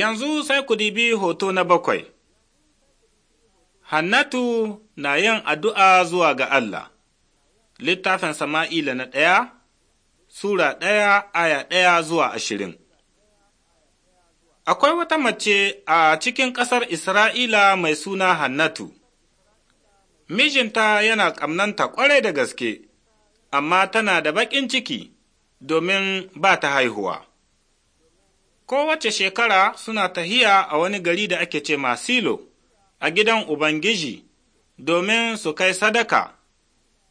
Yanzu sai ku dibi hoto na bakwai. Hannatu na yin addu'a zuwa ga Allah. Littafin Sama'ila na ɗaya, Sura ɗaya, aya ɗaya zuwa ashirin. Akwai wata mace a cikin ƙasar Isra'ila mai suna Hannatu. Mijinta yana ƙamnanta ƙwarai da gaske, amma tana da baƙin ciki domin ba ta haihuwa. Kowace shekara suna tahiya a wani gari da ake ce Masilo, a gidan Ubangiji, domin su kai sadaka,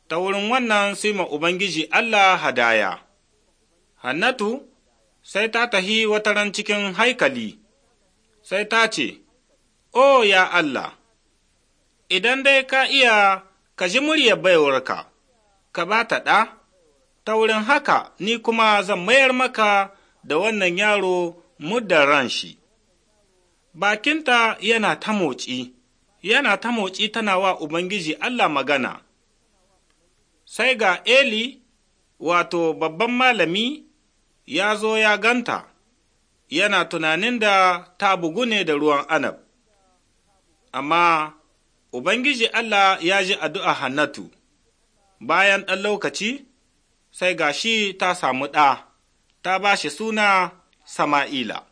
ta wurin wannan su ma Ubangiji Allah hadaya. Hannatu sai ta tahi wataran cikin haikali, sai ta ce, O ya Allah, idan dai ka iya ka ji muryar baiwarka, ka ba ta ɗa, ta wurin haka ni kuma zan mayar maka da wannan yaro muddar ran shi. Bakinta yana ta motsi, yana ta motsi tana wa Ubangiji Allah magana. Sai ga Eli, wato babban malami, ya zo ya ganta, yana tunanin da ta bugu ne da ruwan anab. Amma Ubangiji Allah ya ji addu'a Hannatu, bayan ɗan lokaci, sai ga shi ta samu ɗa, ta ba shi suna Samaila.